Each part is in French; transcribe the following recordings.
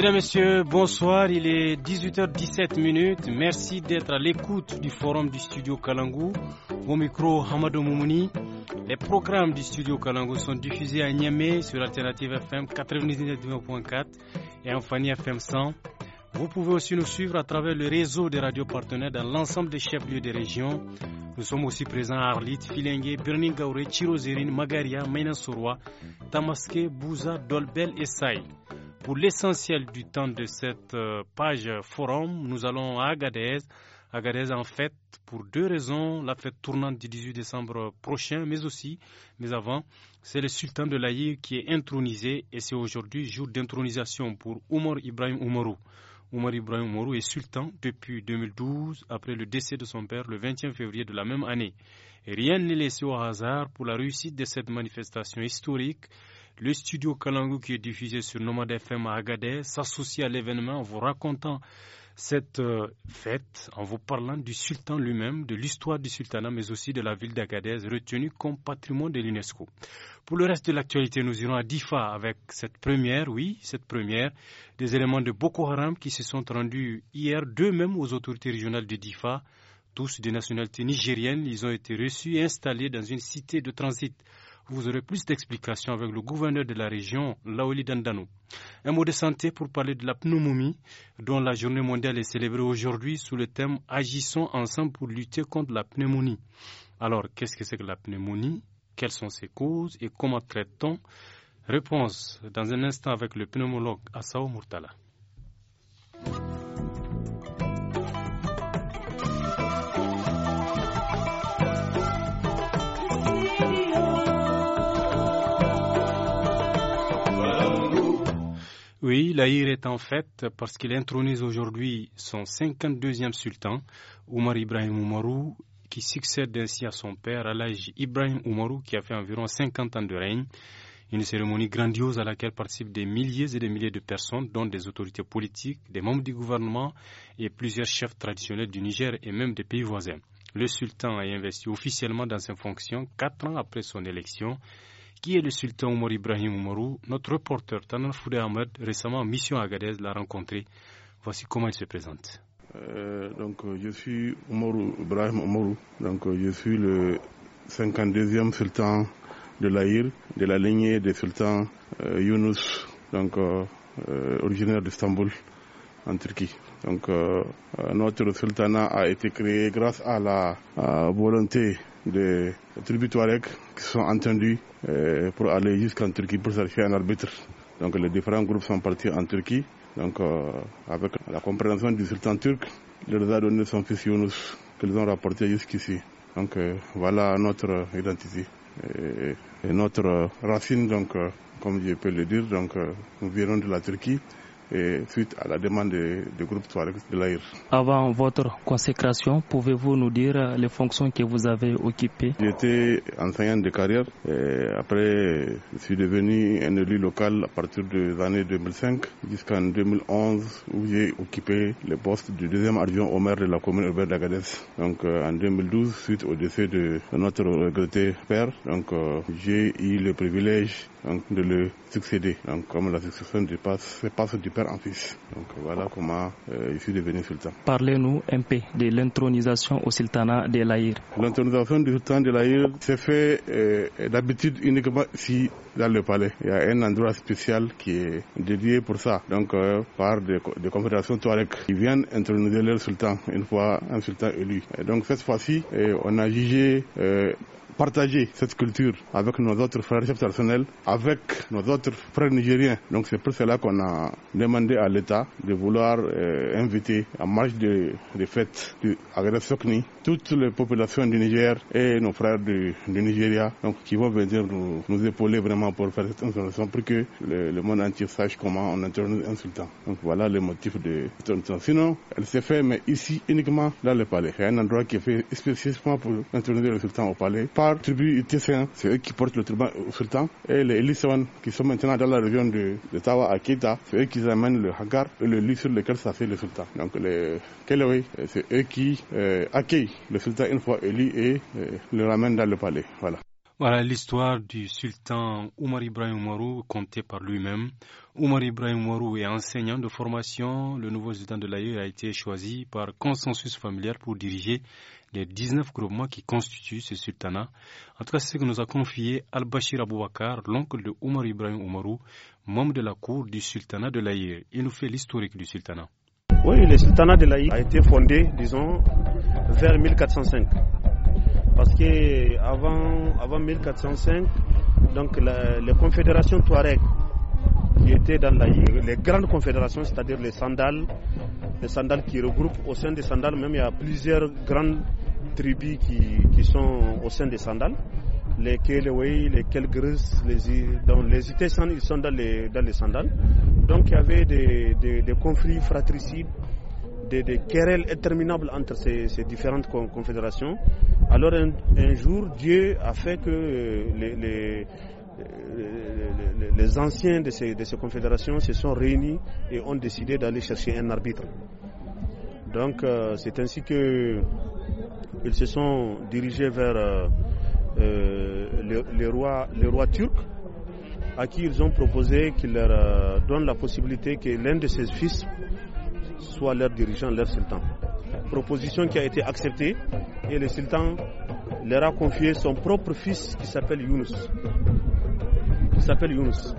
Mesdames, Messieurs, bonsoir. Il est 18h17 minutes. Merci d'être à l'écoute du forum du studio Kalangou. Au micro, Hamadou Moumouni. Les programmes du studio Kalangou sont diffusés à Niamey sur Alternative FM 99.4 et en Fanny FM 100. Vous pouvez aussi nous suivre à travers le réseau des radios partenaires dans l'ensemble des chefs-lieux des régions. Nous sommes aussi présents à Arlit, Filengue, Birning Gauré, Magaria, Mainasoroa, Tamaské, Bouza, Dolbel et Saï pour l'essentiel du temps de cette euh, page forum, nous allons à Agadez. Agadez en fait, pour deux raisons. La fête tournante du 18 décembre prochain, mais aussi, mais avant, c'est le sultan de l'Aïe qui est intronisé et c'est aujourd'hui jour d'intronisation pour Oumar Ibrahim Oumarou. Oumar Ibrahim Oumarou est sultan depuis 2012 après le décès de son père le 21 février de la même année. rien n'est laissé au hasard pour la réussite de cette manifestation historique le studio Kalangu qui est diffusé sur Nomad FM à Agadez s'associe à l'événement en vous racontant cette euh, fête, en vous parlant du sultan lui-même, de l'histoire du sultanat, mais aussi de la ville d'Agadez, retenue comme patrimoine de l'UNESCO. Pour le reste de l'actualité, nous irons à Difa avec cette première, oui, cette première, des éléments de Boko Haram qui se sont rendus hier d'eux-mêmes aux autorités régionales de Difa tous des nationalités nigériennes. Ils ont été reçus et installés dans une cité de transit. Vous aurez plus d'explications avec le gouverneur de la région, Laoli Dandano. Un mot de santé pour parler de la pneumomie, dont la journée mondiale est célébrée aujourd'hui sous le thème Agissons ensemble pour lutter contre la pneumonie. Alors, qu'est-ce que c'est que la pneumonie Quelles sont ses causes et comment traite-t-on Réponse dans un instant avec le pneumologue Assao Murtala. Oui, l'Aïr est en fait parce qu'il intronise aujourd'hui son 52e sultan, Omar Ibrahim Oumarou, qui succède ainsi à son père, l'âge Ibrahim Oumarou, qui a fait environ 50 ans de règne. Une cérémonie grandiose à laquelle participent des milliers et des milliers de personnes, dont des autorités politiques, des membres du gouvernement et plusieurs chefs traditionnels du Niger et même des pays voisins. Le sultan a investi officiellement dans ses fonctions quatre ans après son élection qui est le sultan Omar Ibrahim Oumarou Notre reporter Tanan Foudé Ahmed, récemment en mission à Gadez, l'a rencontré. Voici comment il se présente. Euh, donc, euh, je suis Ibrahim Oumarou. Donc, euh, je suis le 52e sultan de l'Aïr, de la lignée des sultans Yunus, donc, originaire d'Istanbul, en Turquie. Donc, notre sultanat a été créé grâce à la volonté des tribus qui sont entendus euh, pour aller jusqu'en Turquie pour chercher un arbitre. Donc les différents groupes sont partis en Turquie. Donc euh, avec la compréhension du sultan turc, il leur a donné son fils Yunus qu'ils ont rapporté jusqu'ici. Donc euh, voilà notre identité et, notre racine, donc, comme je peux le dire. Donc nous venons de la Turquie suite à la demande du groupe Touareg de l'AIR. Avant votre consécration, pouvez-vous nous dire euh, les fonctions que vous avez occupées J'étais enseignant de carrière. Et après, je suis devenu un élu local à partir des années 2005 jusqu'en 2011 où j'ai occupé le poste du deuxième adjoint au maire de la commune urbaine d'Agadez. Donc euh, en 2012, suite au décès de notre regretté père, donc euh, j'ai eu le privilège de le succéder. Donc, comme la succession se passe du père en fils. Donc, voilà comment il euh, s'est devenu sultan. Parlez-nous un peu de l'intronisation au sultanat de l'Aïr. L'intronisation du sultan de l'Aïr s'est fait euh, d'habitude uniquement ici, dans le palais. Il y a un endroit spécial qui est dédié pour ça. Donc, euh, par des, des confédérations touareg qui viennent introniser leur sultan, une fois un sultan élu. donc, cette fois-ci, on a jugé partager cette culture avec nos autres frères chefs personnels, avec nos autres frères nigériens. Donc c'est pour cela qu'on a demandé à l'État de vouloir euh, inviter à marge des de fêtes de Agada Sokni toutes les populations du Niger et nos frères du, du Nigeria donc, qui vont venir nous, épauler vraiment pour faire cette intervention pour que le, monde entier sache comment on intervient un sultan. Donc voilà le motif de cette intervention. Sinon, elle s'est faite mais ici uniquement dans le palais. Il un endroit qui est fait spécifiquement pour intervenir le sultan au palais. Pas par tribu UTC1, c'est eux qui portent le turban sultan. et les Elisewan qui sont maintenant dans la région de, de Tawa à Keita, c'est eux qui amènent le Hagar et le lit sur lequel ça le Sultan. Donc les Kelewi, c'est eux qui euh, accueillent le Sultan une fois élu et euh, le ramènent dans le palais. Voilà. Voilà l'histoire du sultan Oumar Ibrahim Ouarou, compté par lui-même. Oumar Ibrahim Ouarou est enseignant de formation. Le nouveau sultan de l'Aïe a été choisi par consensus familial pour diriger les 19 groupements qui constituent ce sultanat. En tout cas, c'est ce que nous a confié Al-Bashir Aboubakar, l'oncle de Oumar Ibrahim Oumarou, membre de la cour du sultanat de l'Aïr. Il nous fait l'historique du sultanat. Oui, le sultanat de l'Aïr a été fondé, disons, vers 1405. Parce que avant, avant 1405, donc la, les confédérations Touareg qui étaient dans les grandes confédérations, c'est-à-dire les sandales, les sandales qui regroupent au sein des sandales, même il y a plusieurs grandes tribus qui, sont au sein des sandales. Les Kelewei, les Kelgris, les, dans les ils sont dans les, sandales. Donc il y avait des, conflits fratricides, des, querelles interminables entre ces, différentes confédérations. Alors un, jour, Dieu a fait que euh, les les anciens de ces, confédérations se sont réunis et ont décidé d'aller chercher un arbitre. Donc euh, c'est ainsi que ils se sont dirigés vers euh, euh, le roi les, rois, turcs, à qui ils ont proposé qu'ils leur donnent la possibilité que l'un de ses fils soit leur dirigeant, leur sultan. Proposition qui a été acceptée et le sultan leur a confié son propre fils qui s'appelle Younous. Il s'appelle Yunus.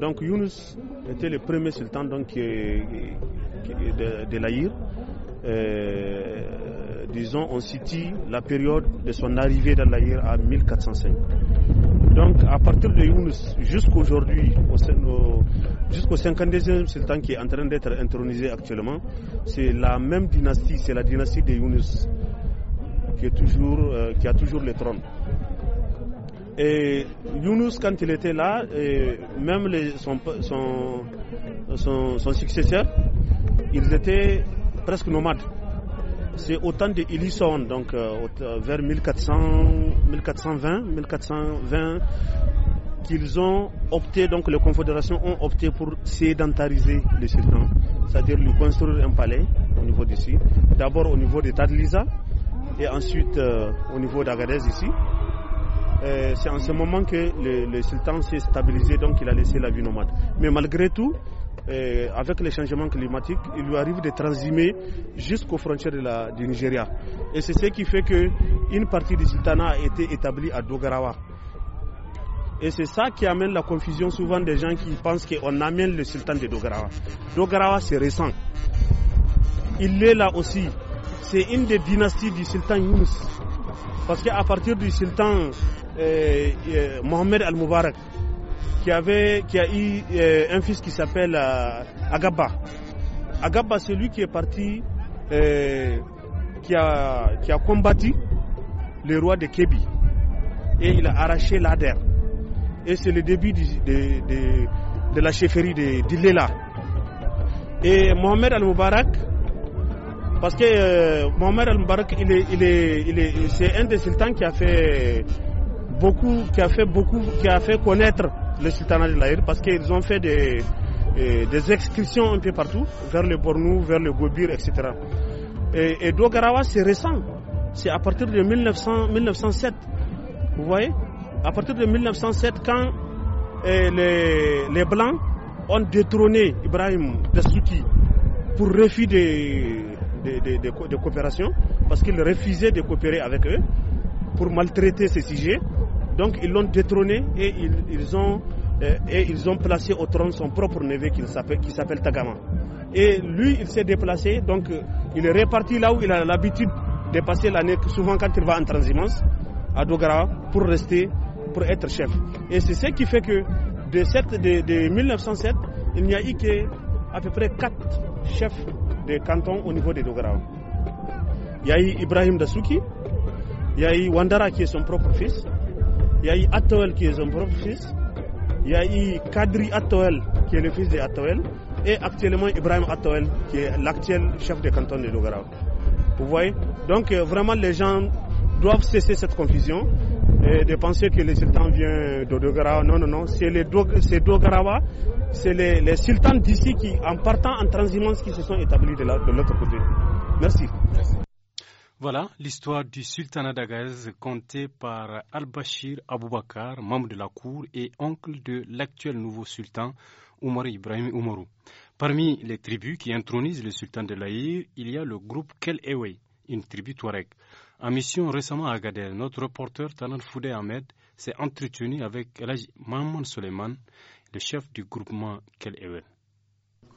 Donc Yunus était le premier sultan donc, de, l'Aïr. Euh, disons, on cite la période de son arrivée dans l'Aïr à 1405. Donc à partir de Yunus jusqu'aujourd'hui, jusqu'au 52e sultan qui est en train d'être intronisé actuellement, c'est la même dynastie, c'est la dynastie de Yunus qui, euh, qui a toujours le trône. Et Younous, quand il était là, et même son, son, successeur, ils étaient presque nomades. C'est temps de Illison, donc euh, vers 1420, 1420, qu'ils ont opté, donc les confédérations ont opté pour sédentariser le sultan, c'est-à-dire lui construire un palais au niveau d'ici, d'abord au niveau de Tadlisa et ensuite euh, au niveau d'Agadez ici. Euh, c'est en ce moment que le, sultan s'est stabilisé, donc il a laissé la vie nomade. Mais malgré tout, euh, avec les changements climatiques, il lui arrive de transimer jusqu'aux frontières du Nigeria. Et c'est ce qui fait qu'une partie du sultanat a été établie à Dogarawa. Et c'est ça qui amène la confusion souvent des gens qui pensent qu'on amène le sultan de Dogarawa. Dogarawa, c'est récent. Il est là aussi. C'est une des dynasties du sultan Yunus. Parce qu'à partir du sultan euh, euh, Mohamed Al-Moubarak, qui, avait, qui a eu euh, un fils qui s'appelle Agaba. Agaba, c'est lui qui est parti, qui, a, qui a combattu le roi de Kébi. Et il a arraché l'Ader. Et c'est le début de, de, la chefferie d'Ilela. Et Mohamed Al-Moubarak, parce que Mohamed Al-Moubarak, il est, c'est un des sultans qui a fait beaucoup, qui a fait beaucoup, qui a fait connaître le sultanat de l'Aïr parce qu'ils ont fait des, euh, des excursions un peu partout, vers le Bornou, vers le Gobir, etc. Et, Dogarawa, c'est récent. C'est à partir de 1907. Vous voyez À partir de 1907, quand euh, les, Blancs ont détrôné Ibrahim Dessouki pour refus de, de coopération, parce qu'il refusait de coopérer avec eux pour maltraiter ces sujets. Donc ils l'ont détrôné et ils, ont, euh, et ils ont placé au trône son propre neveu qui s'appelle Tagama. Et lui, il s'est déplacé, donc euh, il est reparti là où il a l'habitude de passer l'année, souvent quand il va en transhumance, à Dogara, pour rester, pour être chef. Et c'est ce qui fait que de, de, 1907, il n'y a eu que à peu près quatre chefs de canton au niveau de Dogara. Il y a eu Ibrahim Dasuki. Il y a eu Wandara qui est son propre fils. Il y a eu Atoel qui est son propre fils. Il y a eu Kadri Atoel qui est le fils de Atoel. Et actuellement Ibrahim Atoel qui est l'actuel chef de canton de Dogarao. Vous voyez Donc euh, vraiment les gens doivent cesser cette confusion et de penser que les sultans viennent de Dogarao. Non, non, non. C'est les Dogarawa, c'est les, sultans d'ici qui, en partant en transhumance, qui se sont établis de l'autre côté. Merci. Voilà l'histoire du sultanat d'Agadez contée par Al-Bashir Aboubakar, membre de la cour et oncle de l'actuel nouveau sultan Omar Ibrahim Oumarou. Parmi les tribus qui intronisent le sultan de l'Aïr, il y a le groupe Kel Ewe, une tribu touareg. En mission récemment à Agadez, notre reporter Talan Foudé Ahmed s'est entretenu avec Elaj Mahmoud Soleiman, le chef du groupement Kel Ewe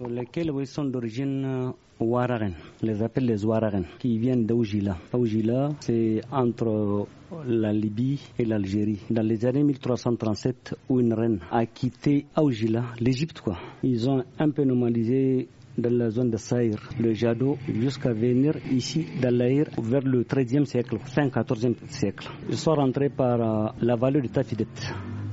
lesquels ils sont d'origine euh, Ouararen, les appelle les Ouararen, qui viennent d'Aoujila. Aoujila, c'est entre euh, la Libye et l'Algérie. Dans les années 1337, où une reine a quitté Aoujila, l'Égypte quoi. Ils ont un peu normalisé dans la zone de Saïr, le Jado, jusqu'à venir ici dans l'Aïr vers le 13e siècle, fin 14e siècle. Ils sont rentrés par euh, la vallée de Tafidet.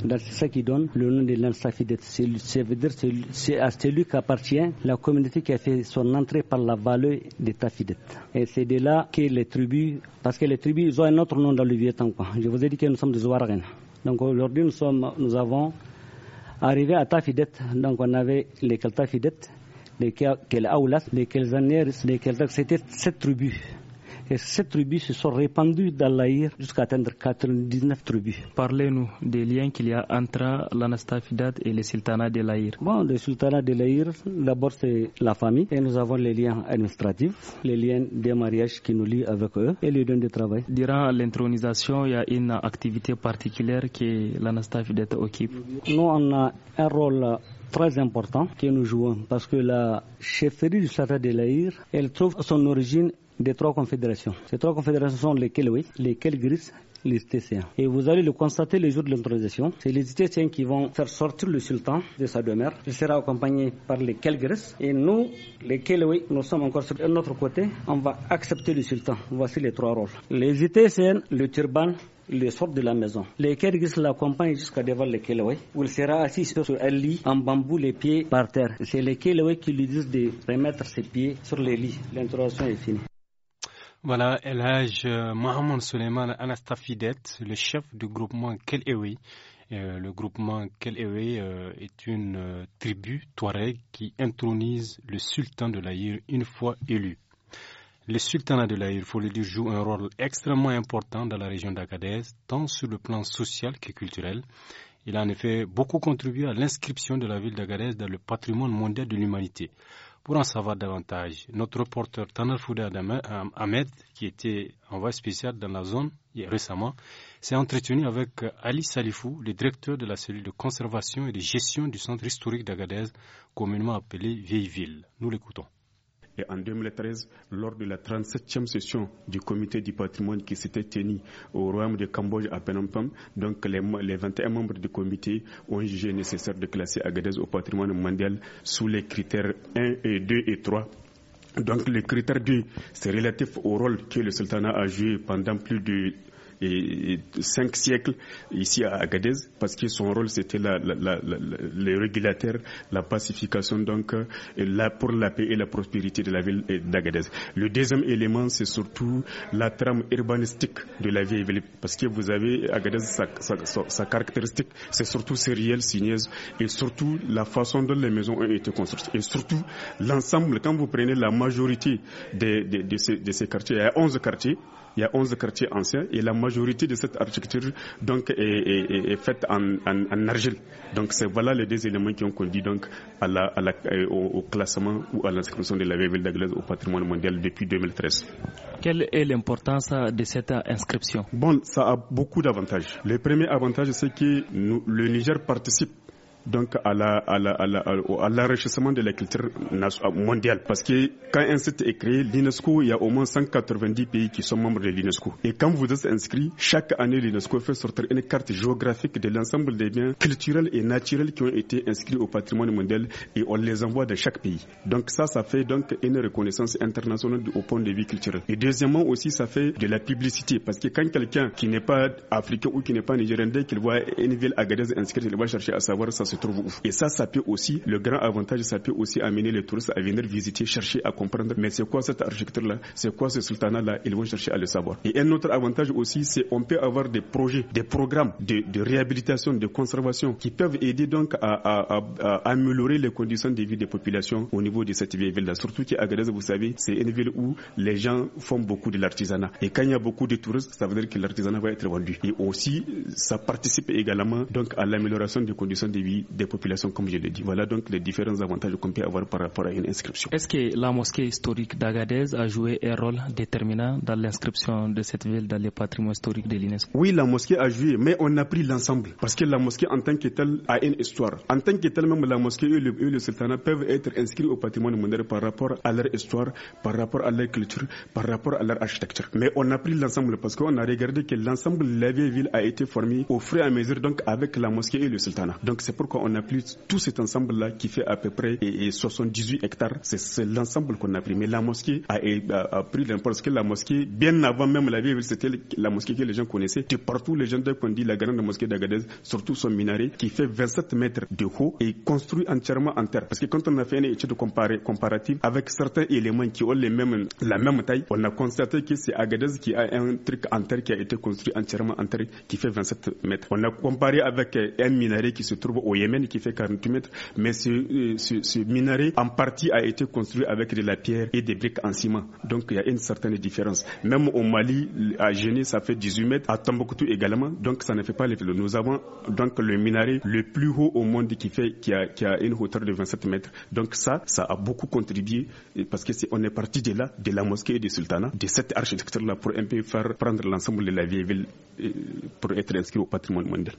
C'est ça qui donne le nom de l'Ansafidet. c'est à celui appartient la communauté qui a fait son entrée par la vallée de Tafidet. Et c'est de là que les tribus, parce que les tribus, ils ont un autre nom dans le vieux temps. Je vous ai dit que nous sommes des Ouaraguen. Donc aujourd'hui, nous, sommes, nous avons arrivé à Tafidet. Donc on avait les Kaltafidet, les Kel Aoulas, les Kelzaneris, les Keltak. C'était sept tribus. Et ces tribus se sont répandues dans l'Aïr jusqu'à atteindre 99 tribus. Parlez-nous des liens qu'il y a entre l'Anastafidat et les sultanat de l'Aïr. Bon, le sultanat de l'Aïr, d'abord c'est la famille et nous avons les liens administratifs, les liens des mariages qui nous lient avec eux et les liens de travail. Durant l'intronisation, il y a une activité particulière que l'Anastafidat occupe. Nous, on a un rôle très important que nous jouons parce que la chefferie du sultanat de l'Aïr, elle trouve son origine des trois confédérations. Ces trois confédérations sont les Kéloé, les Kelgris, les Tesséens. Et vous allez le constater le jour de l'intronisation. C'est les Tesséens qui vont faire sortir le sultan de sa demeure. Il sera accompagné par les Kelgris. Et nous, les Kéloé, nous sommes encore sur notre côté. On va accepter le sultan. Voici les trois rôles. Les Tesséens, le turban, les sort de la maison. Les Kelgris l'accompagnent jusqu'à devant les Keleway, où il sera assis sur un lit en bambou, les pieds par terre. C'est les Keleway qui lui disent de remettre ses pieds sur les lits. L'introduction est finie. Voilà, Elhaj euh, Mohamed Suleiman Anastafidet, le chef du groupement Kel Ewe. Euh, le groupement Kel Ewe euh, est une tribu touareg qui intronise le sultan de l'Aïr une fois élu. Le sultanat de l'Aïr, il faut le dire, joue un rôle extrêmement important dans la région d'Agadez, tant sur le plan social que culturel. Il a en effet beaucoup contribué à l'inscription de la ville d'Agadez dans le patrimoine mondial de l'humanité. Pour en savoir davantage, notre reporter Taner Fouda euh, Ahmed, qui était envoyé spéciale dans la zone récemment, s'est entretenu avec euh, Ali Salifou, le directeur de la cellule de conservation et de gestion du centre historique d'Agadez, communément appelé Vieille Ville. Nous l'écoutons. Et en 2013, lors de la 37e session du comité du patrimoine qui s'était tenue au royaume de Cambodge à Phnom Penh, donc les, 21 membres du comité ont jugé nécessaire de classer Agadez au patrimoine mondial sous les critères 1 et 2 et 3 donc le critère 2, c'est relatif au rôle que le sultanat a joué pendant plus de et, cinq siècles ici à Agadez, parce que son rôle c'était la, la, la, la pacification donc là pour la paix et la prospérité de la ville d'Agadez. Le deuxième élément c'est surtout la trame urbanistique de la vieille ville, parce que vous avez Agadez sa, sa, sa, caractéristique, c'est surtout ses réels et surtout la façon dont les maisons ont été construites et surtout l'ensemble quand vous prenez la majorité de, de, ces, de ces quartiers, il y a 11 quartiers il y a 11 quartiers anciens et la majorité de cette architecture donc, est, faite en, en, argile. Donc c'est voilà les deux éléments qui ont conduit donc euh, au, classement ou à l'inscription de la ville d'Aglaise au patrimoine mondial depuis 2013. Quelle est l'importance de cette inscription Bon, ça a beaucoup d'avantages. Le premier avantage, c'est que le Niger participe donc à la à l'enrichissement de la culture euh, mondiale. Parce que quand un site est créé, l'UNESCO, il y a au moins 190 pays qui sont membres de l'UNESCO. Et quand vous êtes inscrit, chaque année, l'UNESCO fait sortir une carte géographique de l'ensemble des biens culturels et naturels qui ont été inscrits au patrimoine mondial et on les envoie de chaque pays. Donc ça, ça fait donc une reconnaissance internationale au point de vue culturel. Et deuxièmement aussi, ça fait de la publicité. Parce que quand quelqu'un qui n'est pas africain ou qui n'est pas nigérien, dès qu'il voit une ville agadez inscrite, il va chercher à savoir ça et ça, ça peut aussi, le grand avantage, ça peut aussi amener les touristes à venir visiter, chercher à comprendre, mais c'est quoi cette architecture-là, c'est quoi ce sultanat-là, ils vont chercher à le savoir. Et un autre avantage aussi, c'est on peut avoir des projets, des programmes de, réhabilitation, de conservation qui peuvent aider donc à, améliorer les conditions de vie des populations au niveau de cette vieille ville-là. Surtout qu'Agadez, vous savez, c'est une ville où les gens font beaucoup de l'artisanat. Et quand il y a beaucoup de touristes, ça veut dire que l'artisanat va être vendu. Et aussi, ça participe également donc à l'amélioration des conditions de vie des populations, comme je l'ai dit. Voilà donc les différents avantages qu'on peut avoir par rapport à une inscription. Est-ce que la mosquée historique d'Agadez a joué un rôle déterminant dans l'inscription de cette ville dans le patrimoine historique de l'UNESCO Oui, la mosquée a joué, mais on a pris l'ensemble. Parce que la mosquée, en tant que telle, a une histoire. En tant que telle, même la mosquée et le, sultanat peuvent être inscrits au patrimoine mondial par rapport à leur histoire, par rapport à leur culture, par rapport à leur architecture. Mais on a pris l'ensemble parce qu'on a regardé que l'ensemble de la vieille ville a été formée au fur et à mesure, donc avec la mosquée et le sultanat. Donc c'est pourquoi on a pris tout cet ensemble-là qui fait à peu près 78 hectares C'est l'ensemble qu'on a pris. Mais la mosquée a, pris l'importance que la mosquée, bien avant même la vie, c'était la mosquée que les gens connaissaient. De partout, les gens ont dit la grande mosquée d'Agadez, surtout son minaret qui fait 27 mètres de haut et construit entièrement en terre. Parce que quand on a fait une étude comparative avec certains éléments qui ont les mêmes, la même taille, on a constaté que c'est Agadez qui a un truc en terre qui a été construit entièrement en terre qui fait 27 mètres. On a comparé avec un minaret qui se trouve au Yémen qui fait 40 mètres, mais euh, ce, minaret en partie a été construit avec de la pierre et des briques en ciment. Donc il y a une certaine différence. Même au Mali, à Genève, ça fait 18 mètres, à Tombouctou également, donc ça ne fait pas les vélos. Nous avons donc le minaret le plus haut au monde qui fait qui a, une hauteur de 27 mètres. Donc ça, ça a beaucoup contribué parce que on est parti de là, de la mosquée et du sultanat, de cette architecture-là pour un peu faire prendre l'ensemble de la vieille ville pour être inscrit au patrimoine mondial.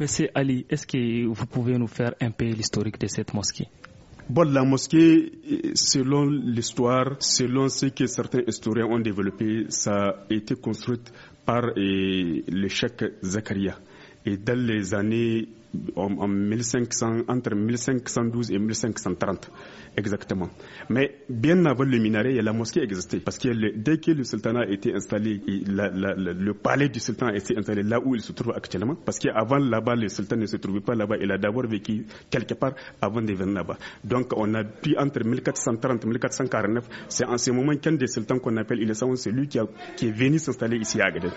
Monsieur Ali, est-ce que vous pouvez nous faire un peu l'historique de cette mosquée Bon, la mosquée, selon l'histoire, selon ce que certains historiens ont développé, ça a été construite par eh, le cheikh Zakaria. Et dans les années en, 1500, entre 1512 et 1530 exactement. Mais bien avant le minaret, la mosquée existait. Parce que dès que le sultanat a été installé, le palais du sultan a été installé là où il se trouve actuellement. Parce qu'avant là-bas, le sultan ne se trouvait pas là-bas. Il a d'abord vécu quelque part avant de venir là-bas. Donc on a pu entre 1430 et 1449, c'est en ce moment qu'un des sultans qu'on appelle il est celui qui, a, qui est venu s'installer ici à Agadez.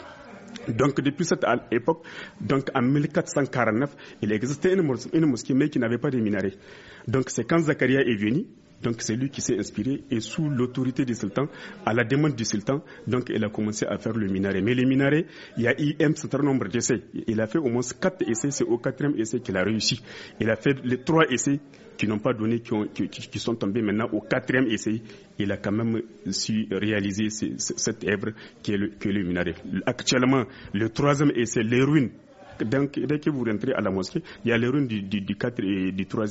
Donc depuis cette époque, donc en 1449, il existait une, mosquée mais qui n'avait pas de minaret. Donc c'est quand Zacharia est venu, donc c'est lui qui s'est inspiré et sous l'autorité du sultan, à la demande du sultan, donc il a commencé à faire le minaret. Mais le minaret, il y a eu un certain nombre d'essais. Il a fait au moins quatre essais, c'est au quatrième essai qu'il a réussi. Il a fait les trois essais qui n'ont pas donné, qui, sont tombés maintenant au quatrième essai. Il a quand même su réaliser cette œuvre qui le minaret. Actuellement, le troisième essai, les ruines donc, dès que vous rentrez à la mosquée, il y a les ruines du, du, et du 3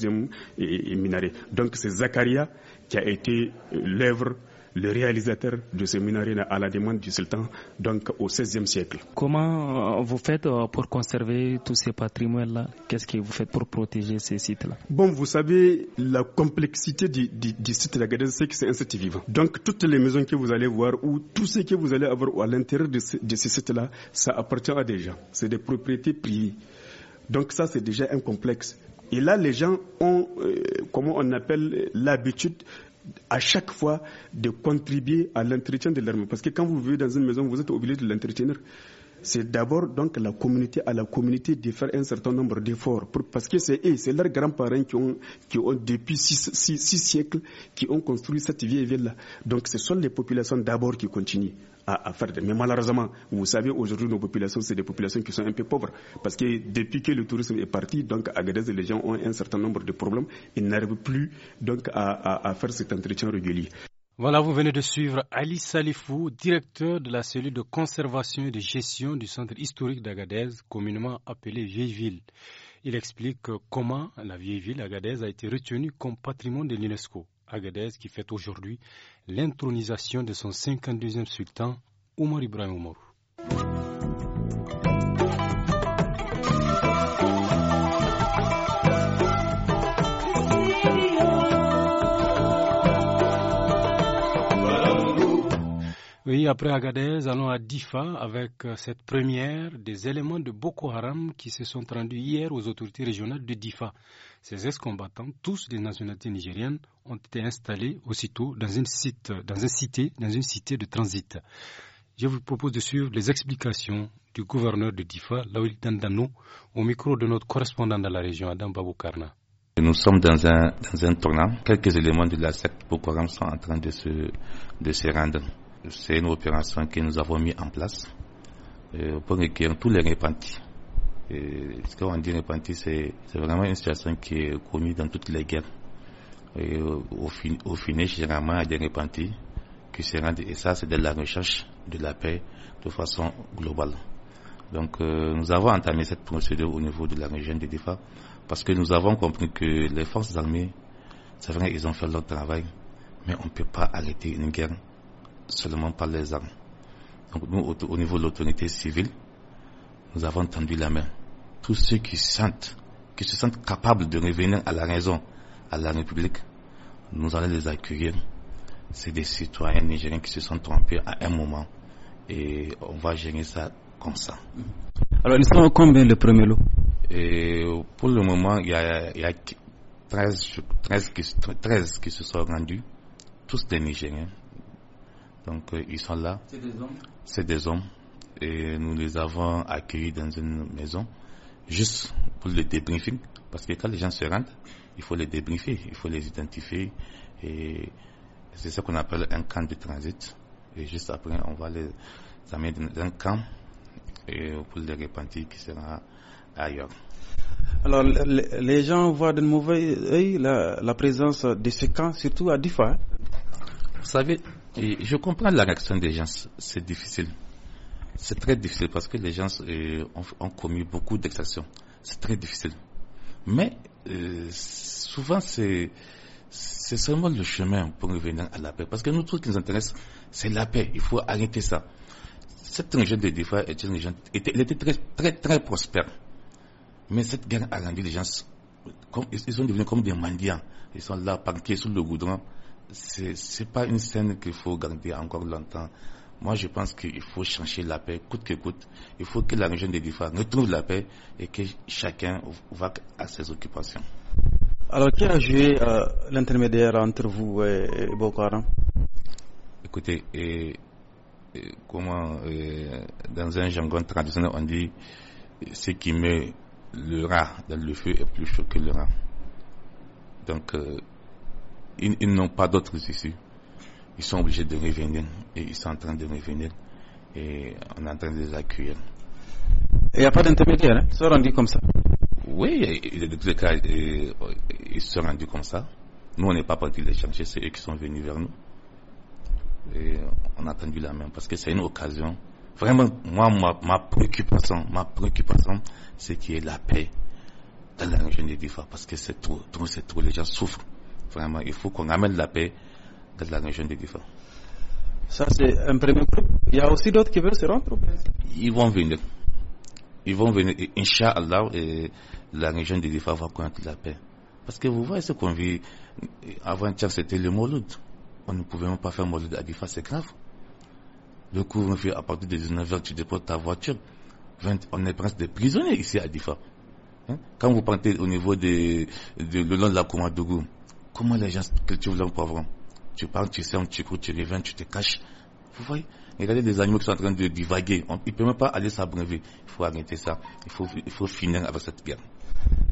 minaret. Donc, c'est Zacharia qui a été euh, l'œuvre le réalisateur de ce minaret à la demande du sultan, donc au XVIe siècle. Comment euh, vous faites euh, pour conserver tous ces patrimoines-là Qu'est-ce que vous faites pour protéger ces sites-là Bon, vous savez, la complexité du, du, site de la Gadez, c'est que c'est un site vivant. Donc, toutes les maisons que vous allez voir ou tout ce que vous allez avoir à l'intérieur de, ce, ces sites-là, ça appartient à des gens. C'est des propriétés privées. Donc, ça, c'est déjà un complexe. Et là, les gens ont, euh, comment on appelle, l'habitude à chaque fois de contribuer à l'entretien de l'armée. Parce que quand vous vivez dans une maison, vous êtes obligé de l'entretenir c'est d'abord donc la communauté à la communauté de faire un certain nombre d'efforts parce que c'est eux, eh, c'est leurs grands-parents qui ont, depuis six, siècles qui ont construit cette vieille ville-là. Donc ce sont les populations d'abord qui continuent à, à, faire. Mais malheureusement, vous savez, aujourd'hui, nos populations, c'est des populations qui sont un peu pauvres. Parce que depuis que le tourisme est parti, donc à Gadez, les gens ont un certain nombre de problèmes. Ils n'arrivent plus donc à, à faire cet entretien régulier. Voilà, vous venez de suivre Ali Salifou, directeur de la cellule de conservation et de gestion du centre historique d'Agadez, communément appelé Vieille Ville. Il explique comment la vieille ville Agadez a été retenue comme patrimoine de l'UNESCO. Agadez qui fait aujourd'hui l'intronisation de son 52e sultan, Omar Ibrahim Omar. Oui, après Agadez, allons à Difa avec euh, cette première des éléments de Boko Haram qui se sont rendus hier aux autorités régionales de Difa. Ces ex-combattants, tous des nationalités nigériennes, ont été installés aussitôt dans une, site, dans un cité, dans une cité de transit. Je vous propose de suivre les explications du gouverneur de Difa, Laoul Dandano, au micro de notre correspondant dans la région, Adam Baboukarna. Nous sommes dans un, tournant. Quelques éléments de la secte Boko Haram sont en train de de se rendre c'est une opération que nous avons mis en place euh, pour recueillir tous les répentis. ce qu'on dit répentis, c'est vraiment une situation qui est connue dans toutes les guerres. au, final, généralement, il y a des répentis qui se rendent, et ça, c'est de la recherche de la paix de façon globale. Donc, euh, nous avons entamé cette procédure au niveau de la région de Difa parce que nous avons compris que les forces armées, c'est vrai, ils ont fait leur travail, mais on ne peut pas arrêter une guerre seulement par les armes. Donc nous, au niveau de l'autorité civile, nous avons tendu la main. Tous ceux qui sentent, qui se sentent capables de revenir à la raison, à la République, nous allons les accueillir. C'est des citoyens nigériens qui se sont trompés à un moment et on va gérer ça comme ça. Alors, ils sont combien le premier lot et Pour le moment, il y a, 13, qui, 13 qui se sont rendus, tous des Nigériens, donc euh, ils sont là. C'est des hommes Et nous les avons accueillis dans une maison juste pour les débriefing. Parce que quand les gens se rendent, il faut les débriefer, il faut les identifier. Et c'est ce qu'on appelle un camp de transit. Et juste après, on va les amener dans un camp et pour les repentir qui sera ailleurs. Alors, les gens voient de mauvais œil la, la, présence de ces camps, surtout à Difa. Hein. Vous savez, je comprends la réaction des gens, c'est difficile. C'est très difficile parce que les gens euh, ont, commis beaucoup d'exactions. C'est très difficile. Mais euh, souvent, c'est seulement le chemin pour revenir à la paix. Parce que nous, tout ce qui nous intéresse, c'est la paix. Il faut arrêter ça. Cette région de Difa était, elle était très, très, très prospère. Mais cette guerre a rendu les gens, comme, ils sont devenus comme des mendiants. Ils sont là, parqués sous le goudron ce n'est pas une scène qu'il faut garder encore longtemps. Moi, je pense qu'il faut changer la paix, coûte que coûte. Il faut que la région des Difa retrouve la paix et que chacun va à ses occupations. Alors, qui a joué euh, l'intermédiaire entre vous et, Boko Haram Écoutez, comment, euh, dans un jargon traditionnel, on dit ce qui met le rat dans le feu est plus chaud que le rat. Donc, euh, ils, n'ont pas d'autres issues. Ils sont obligés de revenir et ils sont en train de revenir et on est en train de les accueillir. Il n'y a pas d'intermédiaire, hein? ils sont rendus comme ça. Oui, cas, ils se sont rendus comme ça. Nous, on n'est pas partis les chercher, c'est eux qui sont venus vers nous. Et on a tendu la main parce que c'est une occasion. Vraiment, moi, ma, préoccupation, ma préoccupation, c'est qu'il y ait la paix dans la région des Difa parce que c'est trop, trop, c'est trop, les gens souffrent. Vraiment, il faut qu'on amène la paix dans la région de Diffa Ça, c'est un premier groupe. Il y a aussi d'autres qui veulent se rendre Ils vont venir. Ils vont venir. Inch'Allah, la région de Diffa va connaître la paix. Parce que vous voyez ce qu'on vit. avant c'était le Moloud. On ne pouvait même pas faire Moloud à Diffa c'est grave. Le on fait à partir de 19h, tu déposes ta voiture. on est presque des prisonniers ici à Difa. Hein? Quand vous partez au niveau de, de, le long de la Koumadougou, Comment les gens cultivent leur pauvre, Tu parles, tu sèmes, tu cours, tu reviens, tu te caches. Vous voyez Regardez des animaux qui sont en train de divaguer. ils ne peuvent même pas aller s'abreuver. Il faut arrêter ça. Il faut, finir avec cette guerre.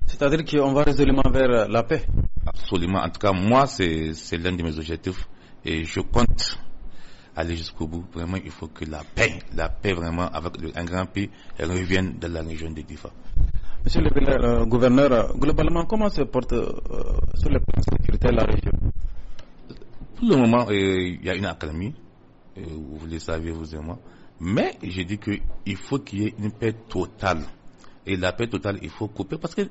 C'est-à-dire qu'on va résolument vers la paix Absolument. En tout cas, moi, c'est l'un de mes objectifs. Et je compte aller jusqu'au bout. Vraiment, il faut que la paix, la paix vraiment avec un grand pays, revienne dans la région de Difa. Monsieur le gouverneur, euh, euh, globalement, comment se porte euh, sur le plan de la région Pour le moment, euh, il y a une académie, vous le savez, vous et moi. Mais je dis qu'il faut qu'il y ait une paix totale. Et la paix totale, il faut couper parce que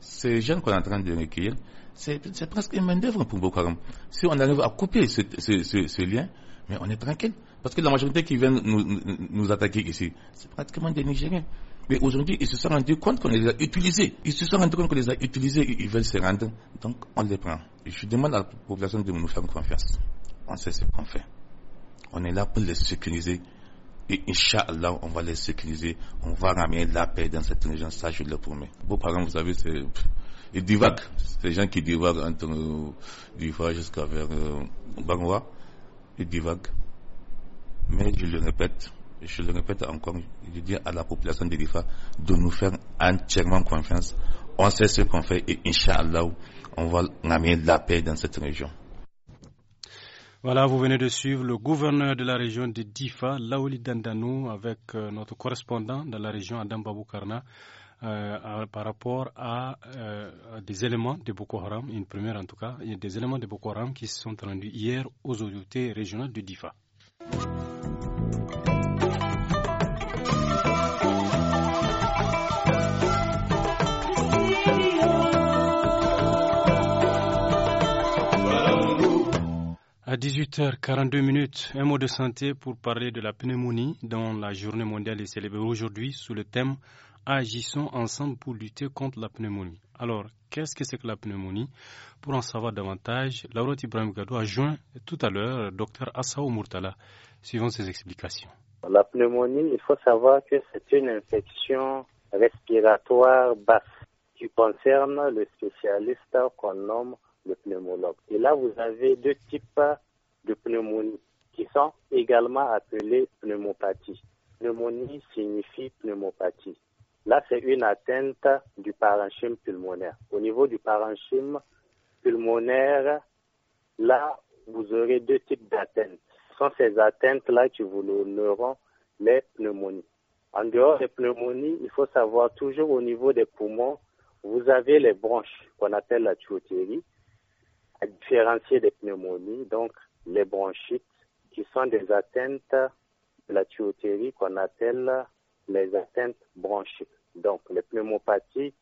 ces jeunes qu'on est en train de recueillir, c'est presque une main-d'œuvre pour Boko Haram. Si on arrive à couper ce, lien, mais on est tranquille. Parce que la majorité qui vient nous, nous attaquer ici, c'est pratiquement des Nigériens. Mais aujourd'hui, ils se sont rendus compte qu'on les a utilisés. Ils se sont rendus compte qu'on les a utilisés et ils veulent se rendre. Donc, on les prend. je demande à la population de nous faire confiance. On sait ce qu'on fait. On est là pour les sécuriser. Et Inch'Allah, on va les sécuriser. On va ramener la paix dans cette région. Ça, je le promets. Vos parents, vous savez, c'est. Ils divaguent. Ces gens qui divaguent entre euh, du jusqu'à vers euh, ils divaguent. Mais je le répète, je le répète encore, je dis à la population de Difa de nous faire entièrement confiance. On sait ce qu'on fait et Inch'Allah, on va ramener la paix dans cette région. Voilà, vous venez de suivre le gouverneur de la région de Difa, Laouli Dandanou, avec euh, notre correspondant dans la région, Adam Baboukarna, euh, par rapport euh, à, des éléments de Boko Haram, une première en tout cas, il y a des éléments de Boko Haram qui se sont rendus hier aux autorités régionales de Difa. À 18h42, un mot de santé pour parler de la pneumonie dont la journée mondiale est célébrée aujourd'hui sous le thème Agissons ensemble pour lutter contre la pneumonie. Alors, qu'est-ce que c'est que la pneumonie Pour en savoir davantage, Laurent Ibrahim Gadou a joint tout à l'heure docteur Assao Murtala, suivant ses explications. La pneumonie, il faut savoir que c'est une infection respiratoire basse qui concerne le spécialiste qu'on nomme le pneumologue. Et là, vous avez deux types de pneumonies qui sont également appelées pneumopathie. Pneumonie signifie pneumopathie. Là, c'est une atteinte du parenchyme pulmonaire. Au niveau du parenchyme pulmonaire, là, vous aurez deux types d'atteintes. Ce sont ces atteintes-là qui vous donneront les pneumonies. En dehors des pneumonies, il faut savoir toujours au niveau des poumons, vous avez les branches qu'on appelle la tuotérie à différencier des pneumonies, donc les bronchites, qui sont des atteintes de la tuotérie qu'on appelle les atteintes bronchiques. Donc, les pneumopathies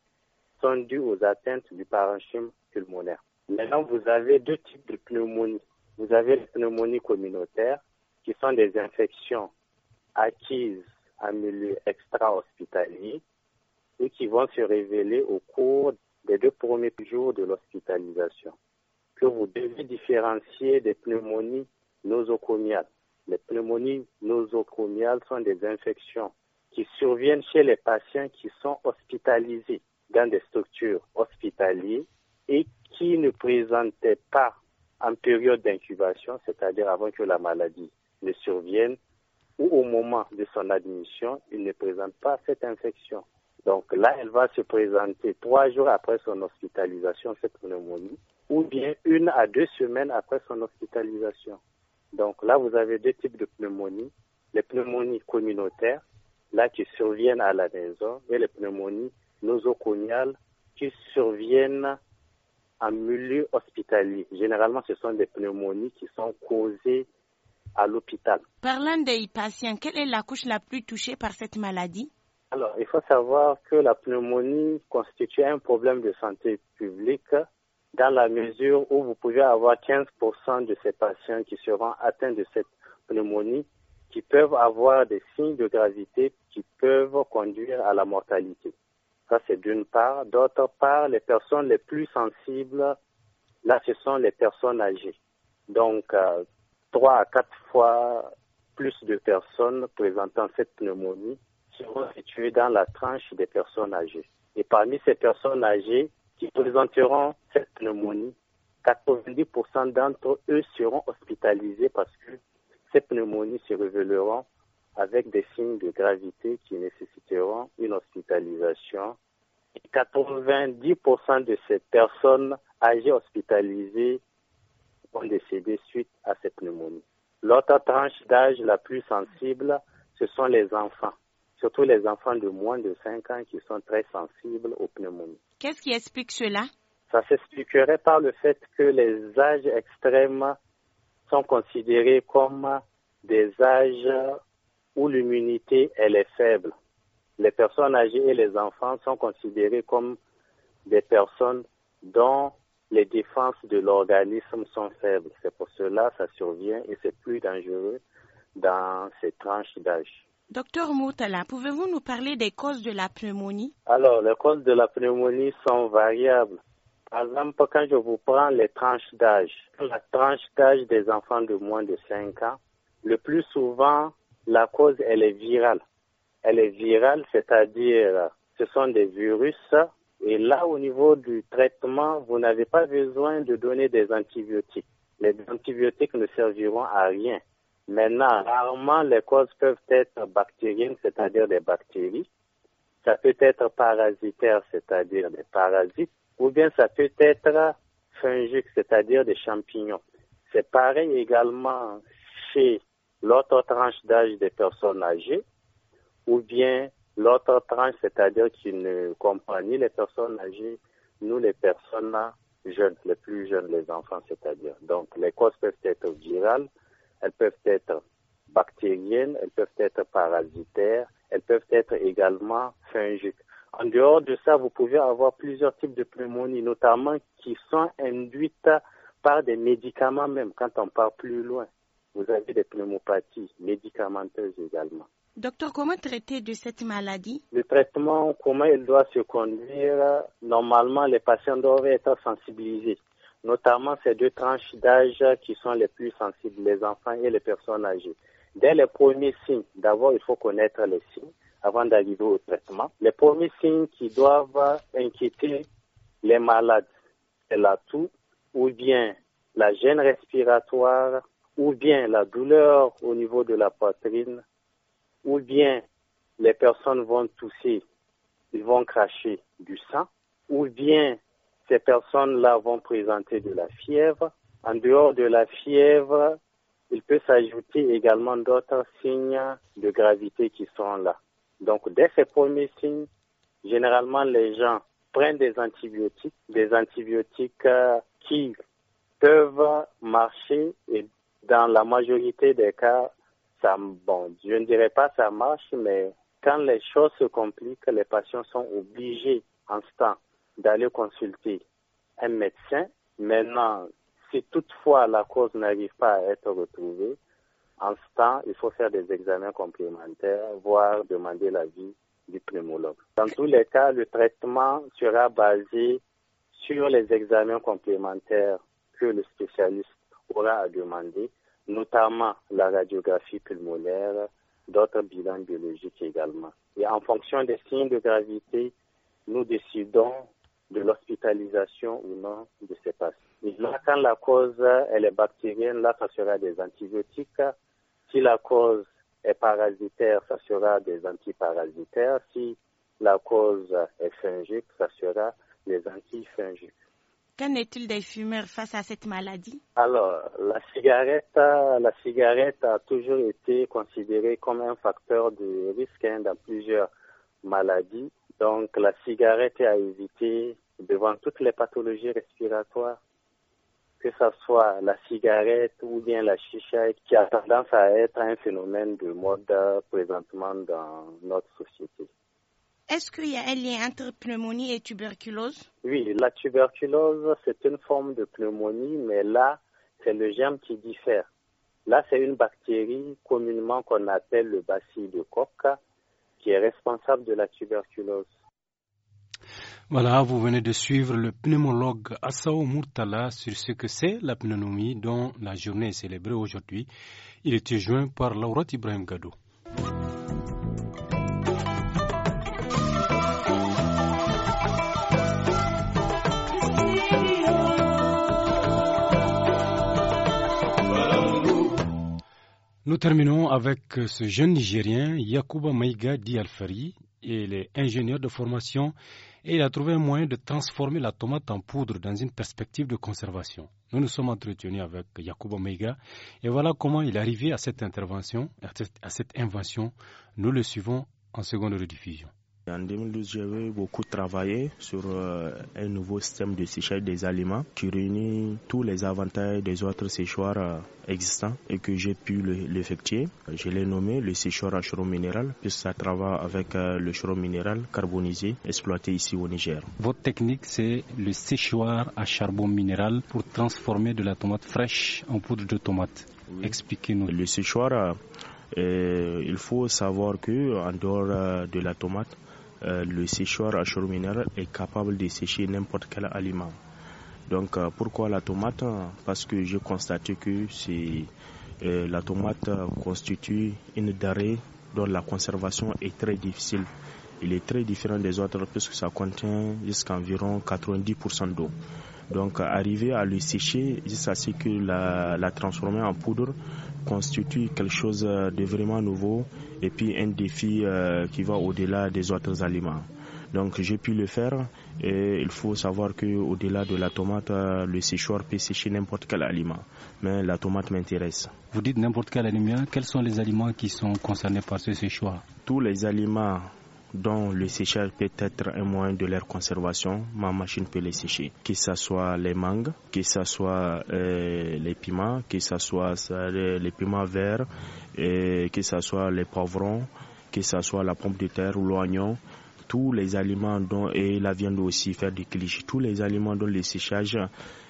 sont dues aux atteintes du parenchyme pulmonaire. Maintenant, vous avez deux types de pneumonies. Vous avez les pneumonies communautaires, qui sont des infections acquises en milieu extra-hospitalier et qui vont se révéler au cours des deux premiers jours de l'hospitalisation que vous devez différencier des pneumonies nosocomiales. Les pneumonies nosocomiales sont des infections qui surviennent chez les patients qui sont hospitalisés dans des structures hospitalières et qui ne présentaient pas en période d'incubation, c'est-à-dire avant que la maladie ne survienne, ou au moment de son admission, il ne présente pas cette infection. Donc là, elle va se présenter trois jours après son hospitalisation, cette pneumonie, ou bien une à deux semaines après son hospitalisation. Donc là, vous avez deux types de pneumonies. Les pneumonies communautaires, là qui surviennent à la maison, et les pneumonies nosocomiales qui surviennent en milieu hospitalier. Généralement, ce sont des pneumonies qui sont causées à l'hôpital. Parlant des patients, quelle est la couche la plus touchée par cette maladie Alors, il faut savoir que la pneumonie constitue un problème de santé publique dans la mesure où vous pouvez avoir 15% de ces patients qui seront atteints de cette pneumonie qui peuvent avoir des signes de gravité qui peuvent conduire à la mortalité. Ça, c'est d'une part. D'autre part, les personnes les plus sensibles, là, ce sont les personnes âgées. Donc, euh, trois à quatre fois plus de personnes présentant cette pneumonie seront situées dans la tranche des personnes âgées. Et parmi ces personnes âgées, qui présenteront cette pneumonie, 90% d'entre eux seront hospitalisés parce que cette pneumonie se révéleront avec des signes de gravité qui nécessiteront une hospitalisation. Et 90% de ces personnes âgées hospitalisées ont décédé suite à cette pneumonie. L'autre tranche d'âge la plus sensible, ce sont les enfants surtout les enfants de moins de 5 ans qui sont très sensibles aux pneumonies. Qu'est-ce qui explique cela Ça s'expliquerait par le fait que les âges extrêmes sont considérés comme des âges où l'immunité elle est faible. Les personnes âgées et les enfants sont considérés comme des personnes dont les défenses de l'organisme sont faibles. C'est pour cela que ça survient et c'est plus dangereux dans ces tranches d'âge. Docteur Moutala, pouvez-vous nous parler des causes de la pneumonie Alors, les causes de la pneumonie sont variables. Par exemple, quand je vous prends les tranches d'âge, la tranche d'âge des enfants de moins de 5 ans, le plus souvent, la cause, elle est virale. Elle est virale, c'est-à-dire ce sont des virus. Et là, au niveau du traitement, vous n'avez pas besoin de donner des antibiotiques. Les antibiotiques ne serviront à rien. Maintenant, rarement les causes peuvent être bactériennes, c'est-à-dire des bactéries. Ça peut être parasitaire, c'est-à-dire des parasites, ou bien ça peut être fungique, c'est-à-dire des champignons. C'est pareil également chez l'autre tranche d'âge des personnes âgées, ou bien l'autre tranche, c'est-à-dire qui ne comprend ni les personnes âgées, nous les personnes jeunes, les plus jeunes, les enfants, c'est-à-dire. Donc les causes peuvent être virales, elles peuvent être bactériennes, elles peuvent être parasitaires, elles peuvent être également fungiques. En dehors de ça, vous pouvez avoir plusieurs types de pneumonies, notamment qui sont induites par des médicaments même, quand on part plus loin. Vous avez des pneumopathies médicamenteuses également. Docteur, comment traiter de cette maladie Le traitement, comment il doit se conduire Normalement, les patients doivent être sensibilisés notamment ces deux tranches d'âge qui sont les plus sensibles, les enfants et les personnes âgées. Dès les premiers signes, d'abord il faut connaître les signes avant d'arriver au traitement. Les premiers signes qui doivent inquiéter les malades, c'est la toux ou bien la gêne respiratoire ou bien la douleur au niveau de la poitrine ou bien les personnes vont tousser, ils vont cracher du sang ou bien ces personnes-là vont présenter de la fièvre. En dehors de la fièvre, il peut s'ajouter également d'autres signes de gravité qui sont là. Donc, dès ces premiers signes, généralement, les gens prennent des antibiotiques, des antibiotiques euh, qui peuvent marcher et dans la majorité des cas, ça, bon, je ne dirais pas ça marche, mais quand les choses se compliquent, les patients sont obligés en ce temps d'aller consulter un médecin. Maintenant, si toutefois la cause n'arrive pas à être retrouvée, en ce temps, il faut faire des examens complémentaires, voire demander l'avis du pneumologue. Dans tous les cas, le traitement sera basé sur les examens complémentaires que le spécialiste aura à demander, notamment la radiographie pulmonaire, d'autres bilans biologiques également. Et en fonction des signes de gravité, nous décidons de l'hospitalisation ou non de ces patients. là, quand la cause elle est bactérienne, là, ça sera des antibiotiques. Si la cause est parasitaire, ça sera des antiparasitaires. Si la cause est fungique, ça sera des antifungiques. Qu'en est-il des fumeurs face à cette maladie Alors, la cigarette, la cigarette a toujours été considérée comme un facteur de risque hein, dans plusieurs maladies. Donc, la cigarette est à éviter devant toutes les pathologies respiratoires, que ce soit la cigarette ou bien la chicha, qui a tendance à être un phénomène de mode présentement dans notre société. Est-ce qu'il y a un lien entre pneumonie et tuberculose Oui, la tuberculose, c'est une forme de pneumonie, mais là, c'est le germe qui diffère. Là, c'est une bactérie communément qu'on appelle le bacille de coca qui est responsable de la tuberculose. Voilà, vous venez de suivre le pneumologue Assao Murtala sur ce que c'est la pneumonie dont la journée est célébrée aujourd'hui. Il était joint par Laurent Ibrahim Gadou. Nous terminons avec ce jeune Nigérien, Yakuba Maïga Dialfari. Il est ingénieur de formation et il a trouvé un moyen de transformer la tomate en poudre dans une perspective de conservation. Nous nous sommes entretenus avec Yacoub Omega et voilà comment il est arrivé à cette intervention, à cette invention. Nous le suivons en seconde rediffusion. En 2012, j'avais beaucoup travaillé sur euh, un nouveau système de séchage des aliments qui réunit tous les avantages des autres séchoirs euh, existants et que j'ai pu l'effectuer. Je l'ai nommé le séchoir à charbon minéral puisque ça travaille avec euh, le charbon minéral carbonisé exploité ici au Niger. Votre technique, c'est le séchoir à charbon minéral pour transformer de la tomate fraîche en poudre de tomate. Expliquez-nous. Le séchoir... il faut savoir que en dehors de la tomate, euh, le séchoir à chaux minéral est capable de sécher n'importe quel aliment. Donc euh, pourquoi la tomate Parce que j'ai constaté que euh, la tomate constitue une darée dont la conservation est très difficile. Il est très différent des autres puisque ça contient jusqu'à environ 90% d'eau. Donc arriver à le sécher jusqu'à ce que la, transformer en poudre constitue quelque chose de vraiment nouveau et puis un défi euh, qui va au-delà des autres aliments. Donc j'ai pu le faire et il faut savoir que au-delà de la tomate, euh, le séchoir peut sécher n'importe quel aliment. Mais la tomate m'intéresse. Vous dites n'importe quel aliment, quels sont les aliments qui sont concernés par ce séchoir Tous les aliments dont le séchage peut être un moyen de leur conservation. Ma machine peut les sécher, que ce soit les mangues, que ce soit euh, les piments, que ce soit euh, les piments verts, euh, que ce soit les poivrons, que ce soit la pompe de terre ou l'oignon tous les aliments dont, et la viande aussi, faire du cliché, tous les aliments dont le séchage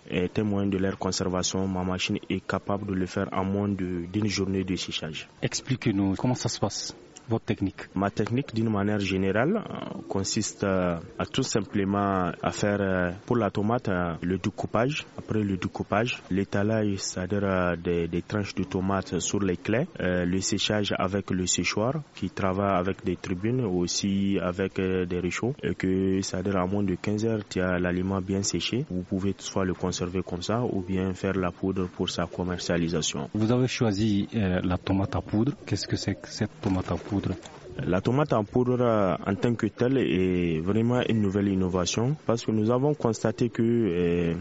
est un moyen de leur conservation, ma machine est capable de le faire en moins d'une journée de séchage. Expliquez-nous comment ça se passe technique Ma technique, d'une manière générale, euh, consiste euh, à tout simplement à faire euh, pour la tomate le découpage. Après le découpage, l'étalage, c'est-à-dire des, tranches de tomates sur les clés, le séchage avec le séchoir qui travaille avec des tribunes aussi avec des réchauds et que c'est-à-dire à moins de 15 heures, tu as l'aliment bien séché. Vous pouvez soit le conserver comme ça ou bien faire la poudre pour sa commercialisation. Vous avez choisi la tomate à poudre. Qu'est-ce que c'est que cette tomate à poudre la tomate en poudre euh, en tant que telle est vraiment une nouvelle innovation parce que nous avons constaté que euh,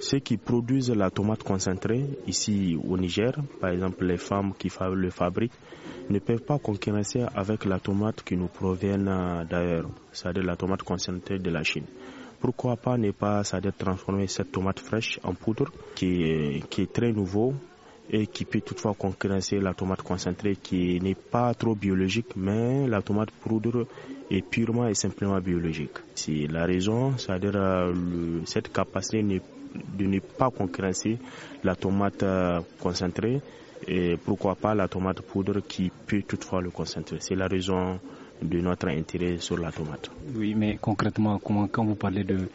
ceux qui produisent la tomate concentrée ici au Niger, par exemple les femmes qui le fabriquent, ne peuvent pas concurrencer avec la tomate qui nous provient euh, d'ailleurs, c'est-à-dire la tomate concentrée de la Chine. Pourquoi pas ne pas transformer cette tomate fraîche en poudre qui est très nouveau et qui peut toutefois concurrencer la tomate concentrée qui n'est pas trop biologique, mais la tomate poudre est purement et simplement biologique. C'est la raison, c'est-à-dire euh, cette capacité de ne pas concurrencer la tomate euh, concentrée et pourquoi pas la tomate poudre qui peut toutefois le concentrer. C'est la raison de notre intérêt sur la tomate. Oui, mais concrètement, comment, quand vous parlez de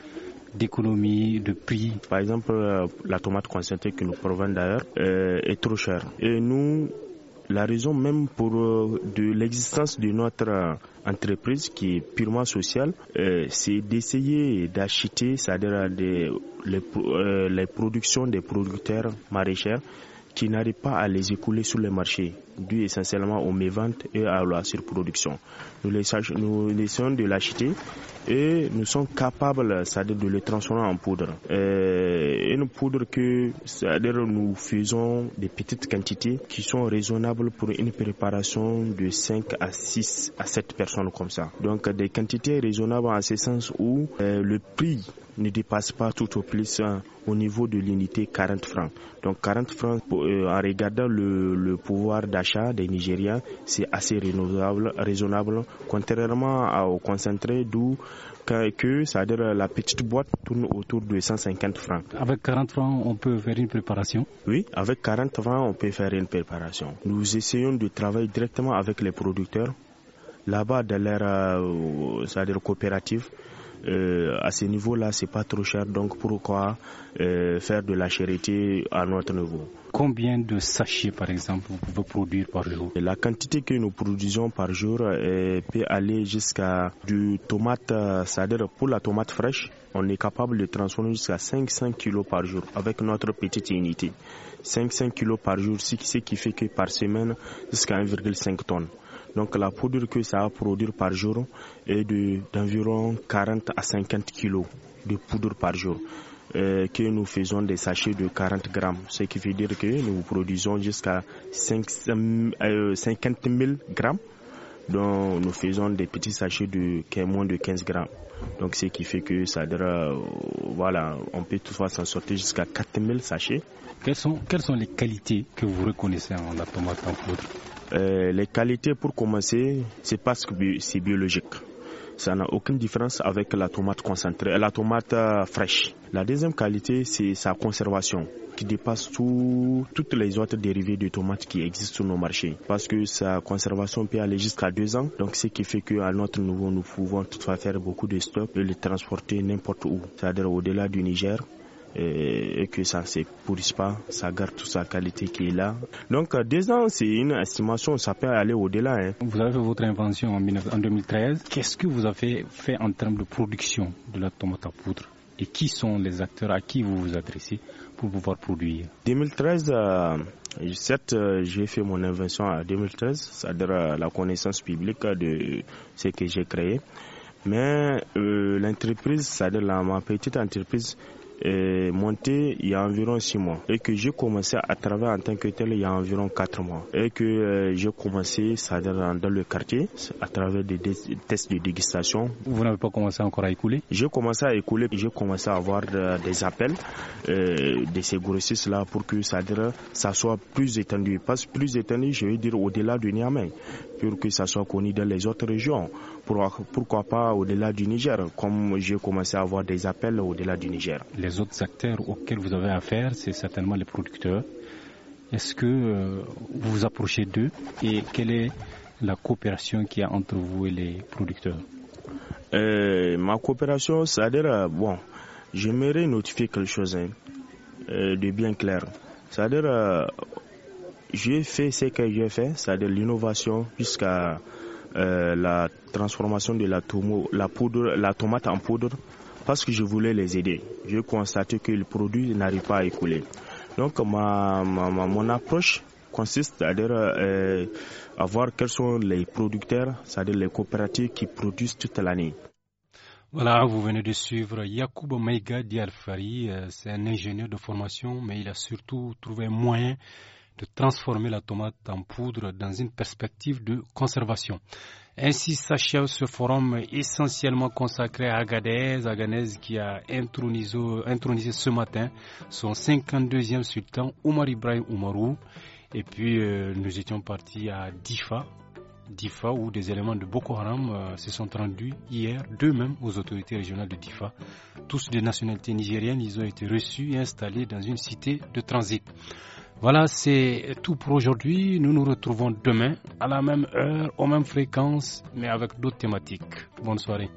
d'économie, de prix. Par exemple, euh, la tomate concentrée que nous provient d'ailleurs euh, est trop chère. Et nous, la raison même pour euh, de l'existence de notre entreprise qui est purement sociale, c'est d'essayer d'acheter, c'est-à-dire les productions des producteurs maraîchers qui n'arrivent pas à les écouler sur le marché, dû essentiellement aux méventes et à la surproduction. Nous les, nous essayons de l'acheter et nous sommes capables ça de le transformer en poudre. Euh, une poudre que cest dire nous faisons des petites quantités qui sont raisonnables pour une préparation de 5 à 6 à 7 personnes comme ça. Donc des quantités raisonnables en ce sens où euh, le prix ne dépasse pas tout au plus hein, au niveau de l'unité 40 francs. Donc 40 francs, euh, en regardant le, pouvoir d'achat des Nigériens, c'est assez raisonnable, raisonnable contrairement à, au concentré d'où que, euh, la petite boîte tourne autour de 150 francs. Avec 40 francs, on peut faire une préparation Oui, avec 40 francs, on peut faire une préparation. Nous essayons de travailler directement avec les producteurs là-bas dans leur euh, dire coopérative euh, à ce niveau-là, c'est pas trop cher. Donc pourquoi euh, faire de la charité à notre niveau Combien de sachets, par exemple, vous pouvez produire par jour La quantité que nous produisons par jour euh, peut aller jusqu'à du tomate, c'est-à-dire pour la tomate fraîche, on est capable de transformer jusqu'à 500 kg par jour avec notre petite unité. 500 kg par jour, ce qui fait que par semaine, jusqu'à 1,5 tonnes. Donc la poudre que ça va produire par jour est d'environ 40 à 50 kilos de poudre par jour. Euh, que nous faisons des sachets de 40 grammes, ce qui veut dire que nous produisons jusqu'à 50 000 euh, grammes donc nous faisons des petits sachets de moins de 15 grammes. Donc ce qui fait que ça dira, euh, voilà, on peut toutefois s'en sortir jusqu'à 4 000 sachets. Quelles sont, quelles sont les qualités que vous reconnaissez en la tomate en poudre euh, les qualités, pour commencer, c'est parce que c'est biologique. Ça n'a aucune différence avec la tomate concentrée, euh, la tomate euh, fraîche. La deuxième qualité, c'est sa conservation qui dépasse toutes les autres dérivés de tomates qui existent sur nos marchés. Parce que sa conservation peut aller jusqu'à deux ans. Donc, ce qui fait qu'à notre niveau, nous pouvons toutefois faire beaucoup de stocks et les transporter n'importe où. C'est-à-dire au-delà du Niger, et que ça ne se pourrisse pas, ça garde toute sa qualité qui est là. Donc euh, deux ans, c'est une estimation, ça peut aller au-delà. Hein. Vous avez fait votre invention en 2013. Qu'est-ce que vous avez fait en termes de production de la tomate à poudre et qui sont les acteurs à qui vous vous adressez pour pouvoir produire 2013, euh, certes, euh, j'ai fait mon invention en 2013, c'est-à-dire la connaissance publique de ce que j'ai créé. Mais l'entreprise, c'est-à-dire ma petite entreprise, euh, monté il y a environ 6 mois et que j'ai commencé à travailler en tant que tel il y a environ 4 mois et que euh, j'ai commencé ça dans, le quartier à travers des, tests de dégustation. Vous n'avez pas commencé encore à écouler J'ai commencé à écouler, j'ai commencé à avoir euh, des appels euh, de ces grossistes là pour que ça, ça soit plus étendu, pas plus étendu, je veux dire au-delà du Niamey, pour que ça soit connu dans les autres régions, pourquoi, pourquoi pas au-delà du Niger, comme j'ai commencé à avoir des appels au-delà du Niger les autres acteurs auxquels vous avez affaire, c'est certainement les producteurs. Est-ce que euh, vous vous approchez d'eux et quelle est la coopération qu'il y a entre vous et les producteurs euh, Ma coopération, c'est-à-dire, euh, bon, j'aimerais notifier quelque chose hein, de bien clair. C'est-à-dire, j'ai fait ce que j'ai fait, c'est-à-dire l'innovation jusqu'à la transformation de la, la, poudre, la tomate en poudre parce que je voulais les aider. Je constate que le produit n'arrive pas à écouler. Donc ma, mon approche consiste à, dire, euh, voir quels sont les producteurs, c'est-à-dire les coopératives qui produisent toute l'année. Voilà, vous venez de suivre Yacoub Meiga Dialfari. Euh, c'est un ingénieur de formation, mais il a surtout trouvé un moyen de transformer la tomate en poudre dans une perspective de conservation. Ainsi s'achève ce forum essentiellement consacré à Agadez, Agadez qui a intronisé, ce matin son 52e sultan Omar Ibrahim Oumarou. Et puis euh, nous étions partis à Difa, Difa où des éléments de Boko Haram euh, se sont rendus hier d'eux-mêmes aux autorités régionales de Difa. Tous de nationalité nigériennes, ils ont été reçus et installés dans une cité de transit. Voilà, c'est tout pour aujourd'hui. Nous nous retrouvons demain à la même heure, aux mêmes fréquences, mais avec d'autres thématiques. Bonne soirée.